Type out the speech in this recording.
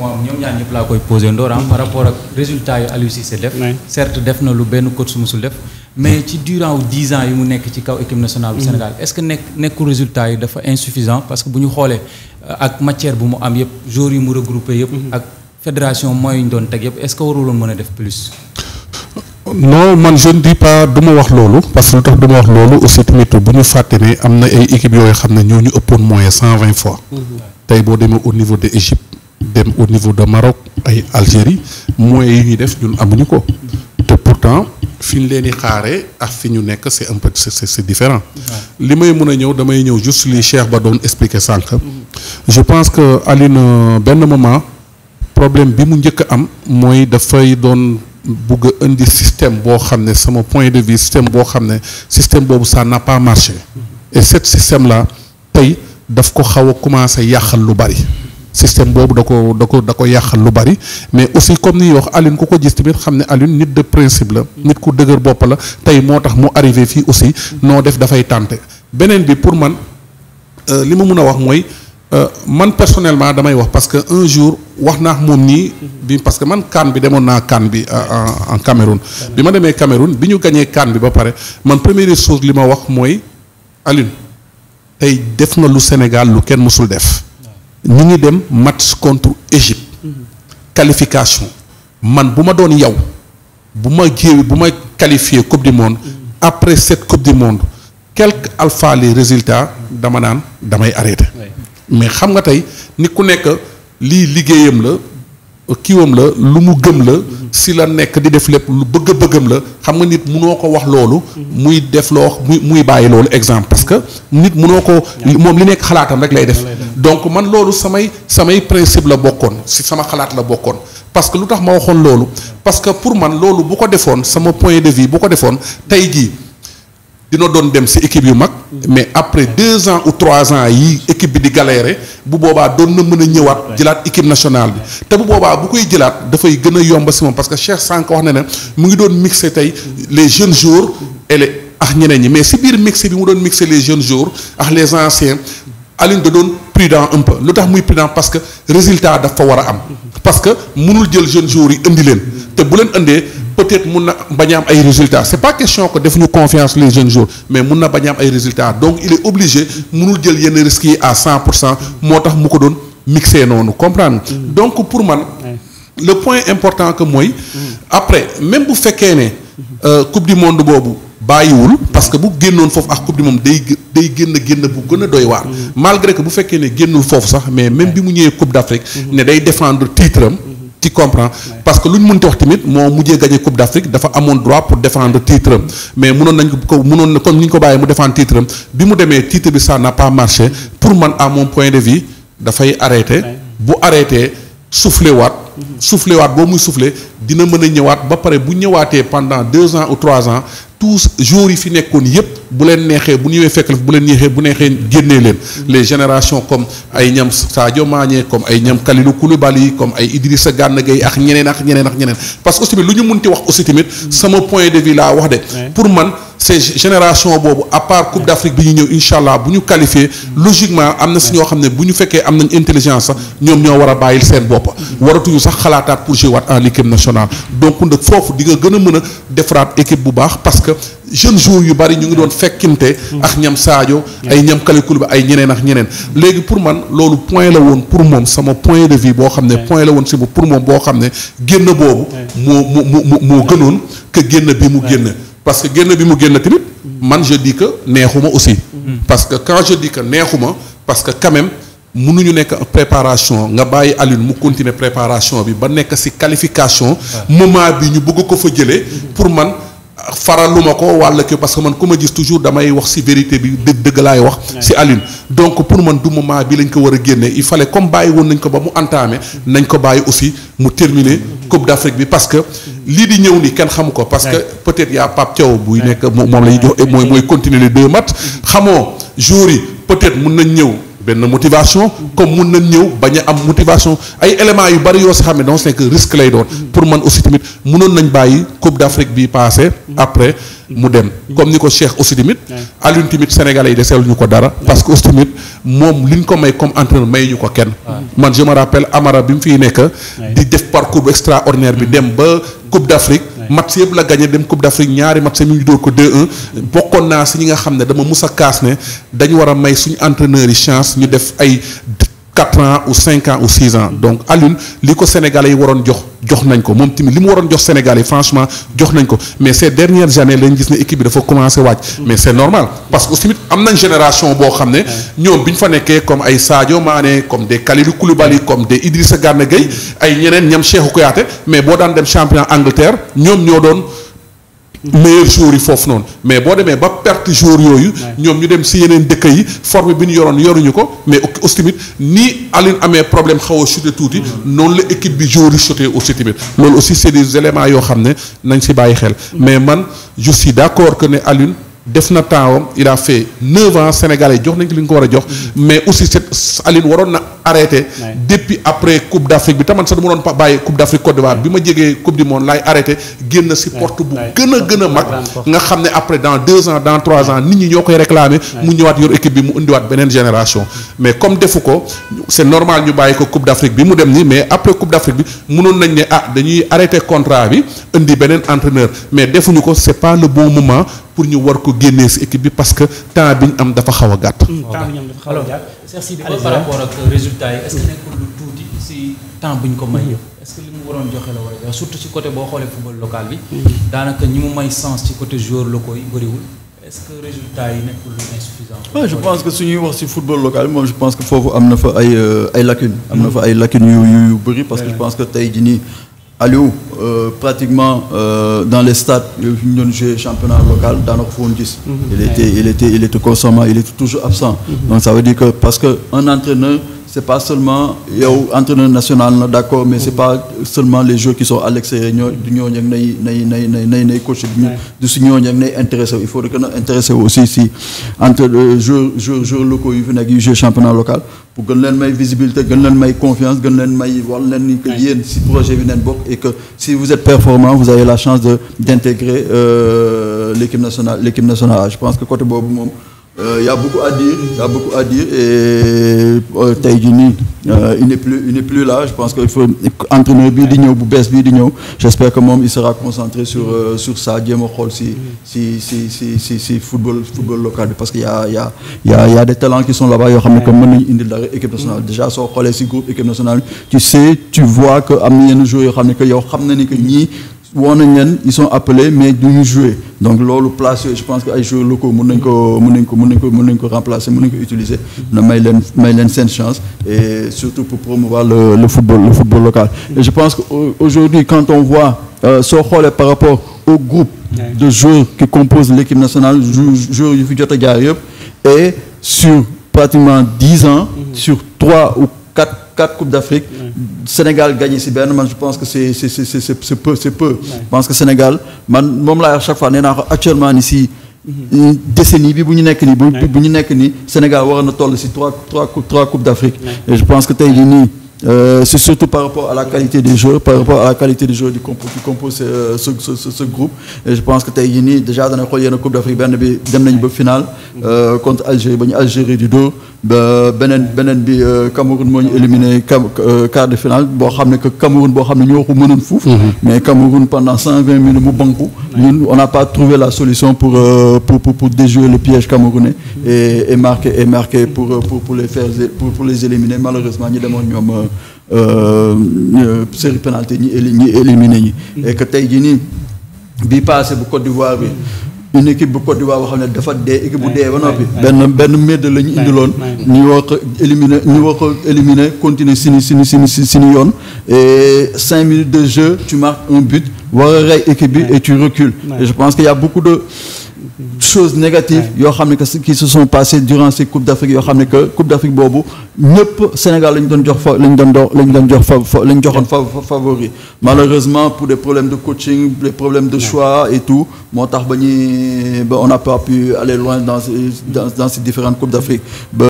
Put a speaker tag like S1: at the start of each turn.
S1: moom ñoom ñaar ñëpp laa koy posé Ndora par rapport ak résultat yu Aliou Cissé def. certes def na lu benn coach su musul def. mais ci durant dix ans yi mu nekk ci kaw équipe nationale bu mhm. Sénégal est-ce que nekk nekku résultat yi dafa insuffisant parce que bu ñu xoolee euh, ak matière bu mu am yëpp joueurs yi mu regroupé yëpp. Mhm. ak fédération mooy ñu doon teg yëpp est-ce que waruloon mën a def plus. non
S2: man je ne dis pas wax loolu parce que lu tax du ma wax loolu ñoo ñu ëppoon moyen cent mhm. de dem au niveau de Maroc ay Algérie moyens yi ñuy def ñun amuñu ko te pourtant fi ñu leen di xaaree ak fi ñu nekk c'est un peu c'est différent li may mun a ñëw damay ñëw juste li Cheikh ba doon expliquer sànq je pense que Aline benn moment problème bi mu njëkk a am mooy dafay doon bugg indi système boo xam ne sama point de vue système boo xam ne système boobu ça n'a marché et cet système la tey daf ko xaw a commencé yàqal lu bari système boobu da ko da ko da ko yàqal lu bari mais aussi comme ni wax Alioune ku ko gis tamit xam ne Alioune nit de principe la. nit ku dëgër bopp la tey moo tax mu arrivé fii aussi. noo def dafay tànte beneen bi pour man euh, li ma mun a wax mooy euh, man personnellement damay wax parce que un jour wax naa moom nii. bi parce que man kan bi demoon naa kan bi euh, en Cameroun. bi ma demee Cameroun bi ñu gañee kan bi ba pare man première chose li ma wax mooy Alioune tey def nga lu Sénégal lu kenn mësul def. ñu ngi dem match contre Égypte qualification man bu ma doon yow bu ma géew bu ma qualifié coupe du monde après cette coupe du monde quelque alpha les résultats dama naan damay arrêté mais xam nga tey ni ku nekk lii liggéeyam la kiiwam la lu mu gëm la si la nekk di def lépp lu bëgg bëggam la xam nga nit mu noo ko wax loolu muy def loo muy muy bàyyi loolu exemple parce que nit munoo ko moom li nekk xalaatam rek lay def donc man loolu samay samay principe la bokkoon si sama xalaat la bokkoon parce que lu tax ma waxoon loolu parce que pour man loolu bu ko defoon sama point de vie bu ko defoon tey jii dina doon dem si équipe yu mag. mais après deux ans ou trois ans yi équipe bi di galérer bu boobaa doon na mën a ñëwaat. jëlaat équipe nationale bi. te bu boobaa bu koy jëlaat dafay gën a yomb si moom parce que Cheikh Sànq wax na ne mu ngi doon mixé tey les jeunes jours et les ñeneen ñi mais si biir mixé bi mu doon mixé les jeunes jours ak les anciens Alioune da doon prudent un peu lu tax muy prudent parce que résultat daf dafa war a am. parce que munul jël jeunes jours yi indi leen te bu leen indee. peut-être mun na bañ a am ay résultats c'est pas question que defuñu confiance les jeunes jours mais mun na bañ a am ay résultats donc il jël yenn risques yi cent pour cent moo tax mu ko doon mixé noonu comprendre mm. donc pour man le point important que mooy mm. après même bu fekkee ne euh, coupe du monde boobu bàyyiwul parce que bu génnoon foofu ak coupe du monde day day génn génn bu a doy waar mm. malgré que bu fekkee ne génnul foofu sax mais même bi mu ñëwee coupe d'Afrique mm-hmm. ne day défendre titre ci comprends parce que lu ñu mënti wax tamit moo mujjee gagné Coupe d'Afrique dafa amoon droit pour défendre titre mais mënoon nañ ko mënoon comme ni ñu ko bàyyee mu défendre titre bi mu demee titre bi ça n'a pas marché pour man à mon point de vie dafay arrêté bu arrêté soufflé waat. soufflé waat boo muy soufflé dina mën a ñëwaat ba pare bu ñëwaatee pendant deux ans ou trois ans tous jours yi fi nekkoon yépp bu leen neexee bu ñëwee fekk bu leen neexee bu neexee génnee leen les générations comme ay ñam Sadio Mané comme ay ñam Kalidou Koulibaly comme ay Idrissa Gana Gueye ak ñeneen ak ñeneen ak ñeneen parce que aussi tamit lu ñu munti wax aussi tamit sama point de vue laa pour man boobu à part Coupe d'Afrique bi ñu ñëw incha allah bu ñu qualifié logiquement am na si ñoo xam ne bu ñu fekkee am nañ intelligence ñoom ñoo war a bàyyil seen bopp waratuñu sax sax gën a mën a defaraat équipe bu baax parce que jeune joueurs yu bari ñu ngi doon fekkinte ak ñam Sadio ay ñam Kalidou Koulibaly ay ñeneen ak ñeneen léegi pour man loolu point la woon pour moom sama point de vue boo xam ne point la woon si pour moom boo xam ne génn boobu moo moo moo gënoon que génn bi mu génn parce que génn bi mu génn tamit mm. man je di que neexuma aussi mm. parce que quand je dis que neexuma parce que mënuñu nekk préparation nga bàyyi Alioune mu continuer préparation bi ba nekk ci qualification moment bi ñu bëgg ko fa jëlee pour man faralu ma ko wàll ki parce que man ku ma gis toujours damay wax ci vérité bi dëgg dëgg laay wax ci Alioune donc pour man du moment bi lañ ko war a génnee il fallait comme bàyyi woon nañ ko ba mu entamé nañ ko bàyyi aussi mu terminer Coupe d'Afrique bi parce que lii di ñëw ni kenn xamu ko parce que peut-être y'a Pape buy moom la ñuy jox mooy mooy continuer les deux matchs xamoo yi peut-être mën nañ ñëw benn motivation comme mun nañ ñëw bañ a am motivation ay éléments yu bari yoo si xam ne donc c'est que risque lay doon pour man aussi tamit mënoon nañ bàyyi Coupe d'Afrique bi passé après mu dem comme ni ko Cheikh aussi tamit Alioune tamit sénégalais yi deseelu ñu ko dara parce que aussi tamit moom liñ ko may comme entraîneur may ñu ko kenn man je me rappelle Amara bi mu fiy nekk di def parcours extraordinaire bi mm. dem ba Coupe d'Afrique match yëpp la gagné dem Coupe d'Afrique ñaari match mi ñu dóor ko 2-1 bokkoon naa si ñi nga xam ne dama mus a kaas ne dañu war a may suñu entraîneurs yi chance ñu def ay 4 ans ou 5 ans ou 6 ans donc Alioune li ko Sénégalais yi waroon jox jox nañ ko moom tamit li mu waroon jox Sénégalais yi franchement jox nañ ko mais ces dernières années lañ gis ne équipe bi dafa commencé wàcc. mais c' est normal parce que aussi tamit am nañ génération boo xam ne. ñoom bi ñu fa nekkee comme ay Sadio Mané comme des Kalidou Koulibaly comme des Idrissa Gana Gueye ay ñeneen ñam Cheikhou Kouyaté mais boo daan dem championnat Angleterre ñoom ñoo doon. meilleur joueur yi noonu mais boo demee ba perte joueur yooyu ñoom ñu dem si yeneen dëkk yi forme bi ñu yoroon yoruñu ko mais aussi tamit nii Aline amee problème xaw a chuté tuuti mm. noonu la équipe bi joueur yi chuté aussi loolu aussi c'est des éléments yoo xam ne nañ si bàyyi xel mm. mais man je suis d'accord que ne Aline def na temps il a fait neuf ans sénégalais jox nañ ko li nga ko war a jox. Mm-hmm. mais aussi cette Aline waroon na arrêté. depuis après Coupe d' bi taman sax du ma doon bàyyi Coupe d' Afrique Côte bi ma jegee Coupe du monde laay arrêté génn si porte bu gën a mag. nga xam ne après dans deux ans dans trois ans nit ñi ñoo koy réclamé. mu ñëwaat yor équipe bi mu indiwaat beneen génération. Mm-hmm. mais comme defu ko c' est ñu bàyyi ko Coupe d' Afrique bi mu dem nii mais après Coupe d' nañ ne ah dañuy arrêté bi indi beneen entraîneur mais defuñu ko c' est pas pour ñu war ko génne si équipe bi parce que temps bi ñu am dafa xaw a gàtt. Mm. temps
S1: bi ñu ak résultat yi est nekkul lu tuuti si temps bu ñu ko may. Mm. est ce que li mu waroon joxe la war a jox surtout si xoolee football local bi. Mm. daanaka ñi mu may sens ci côté joueur locaux yi bëriwul. est que résultat yi nekkul lu insuffisant. waaw pense que su wax si football local bi moom je pense que foofu am na fa ay euh, ay am na fa ay lacunes yu yu yu bëri parce que je pense que tey jii nii. Aliou euh, pratiquement euh, dans les stades yooyu euh, fi ñu doon jouer championnat local daanaka foon gis. Mhm. il était consommant il était toujours absent. Mhm. donc ça veut dire que parce que un c'est pas seulement yow entraîneur national na d'accord mais c'est pas seulement les joueurs qui sont à ñoo du ñooñu ak nay nay nay nay nay nay coach du du si ñooñu ak nay intéressé il faut que na intéressé aussi si entre euh, joueurs joueurs joueurs locaux yu fi nekk yu jouer championnat local pour gën leen may visibilité gën leen may confiance gën leen may war leen si projet bi neen bokk et que si vous êtes performant vous avez la chance de d'intégrer euh, l'équipe nationale l'équipe nationale je pense que côté boobu moom il euh, a beaucoup à dire a beaucoup à euh, tey jii nii euh, il n'est plus il n'est je pense que il faut entraîneur bii di ñëw bu bees bii di ñëw j'espère que moom il sera concentré sur sa ça jéem a xool si si si si si si football football local parce que ya y a y a y a des talents qui sont là-bas yoo xam ne que mën nañu indil dara équipe nationale déjà soo xoolee si groupe équipe nationale tu sais tu vois que am na yenn joueurs yoo xam ne que yow xam na ni que ñii woo nañ leen ils sont appelés mais duñu jouer donc loolu place yooyu je pense que ay joueurs locaux mën nañ ko mën nañ ko mën nañ ko mën nañ ko remplacer nañ ko utiliser na may leen may leen seen chance et surtout pour promouvoir le, le football le local et je pense que aujourd'hui quand on voit euh, soo xoolee par rapport au groupe de joueurs qui composent l'équipe nationale joueurs yu fi jot a yëpp et sur pratiquement dix ans mhm. sur trois ou quatre quatre coupes d'Afrique Sénégal gagné si benn man je pense que c'est c'est c'est c'est c'est peu c'est peu je pense que Sénégal man moom laa wax chaque fois nee naa ko actuellement ni si mhm. euh, décennie bi bu ñu nekk nii bu bu ñu nekk ni Sénégal war na toll si trois trois coupes trois coupes d'Afrique et je pense que tey jii Euh, c'est surtout par rapport à la qualité des joueurs par rapport à la qualité des joueurs du compo euh, ce groupe et je pense que tey jii nii déjà dana xool yenn Coupe d'Afrique benn bi dem nañu ba finale euh, contre Algérie ba ñu Algérie du dos beneen beneen bi euh, Cameroun moo ñu éliminé quart de finale boo xam ne que Cameroun boo xam ne ñoo ko mënoon foofu mm-hmm. mais Cameroun pendant cent vingt minutes mu banku. on n'a pas trouvé la solution pour pour pour, pour déjouer le piège camerounais. et et marquer et marquer pour pour pour les faire pour les éliminer malheureusement ñu demoon ñoom. Euh, série pénalité ñi éli ñi éliminé tey jii nii bii passé bu code d'Ivoire bi. une équipe bu Côte d'Ivoire boo xam ne dafa dee équipe bu dee ba noppi benn benn médd lañu ñu indiloon ñu wax ko éliminer ñu wax ko éliminer continuer sini sini sini sini yoon et cinq minutes de jeu tu marques un but war a rey équipe bi et tu recules je pense qu'il y a beaucoup choses négatives yoo xam ne que qui se sont passées durant ces Coupes d'Afrique yoo xam ne d'Afrique boobu ñëpp Sénégal la ñu jox fa la ñu doon dox la ñu doon jox fa la ñu joxoon favori malheureusement pour des problèmes de coaching des problèmes de choix et tout moo tax ba ñuy ba on n'a pas pu aller loin dans dans dans ces différentes Coupes d'Afrique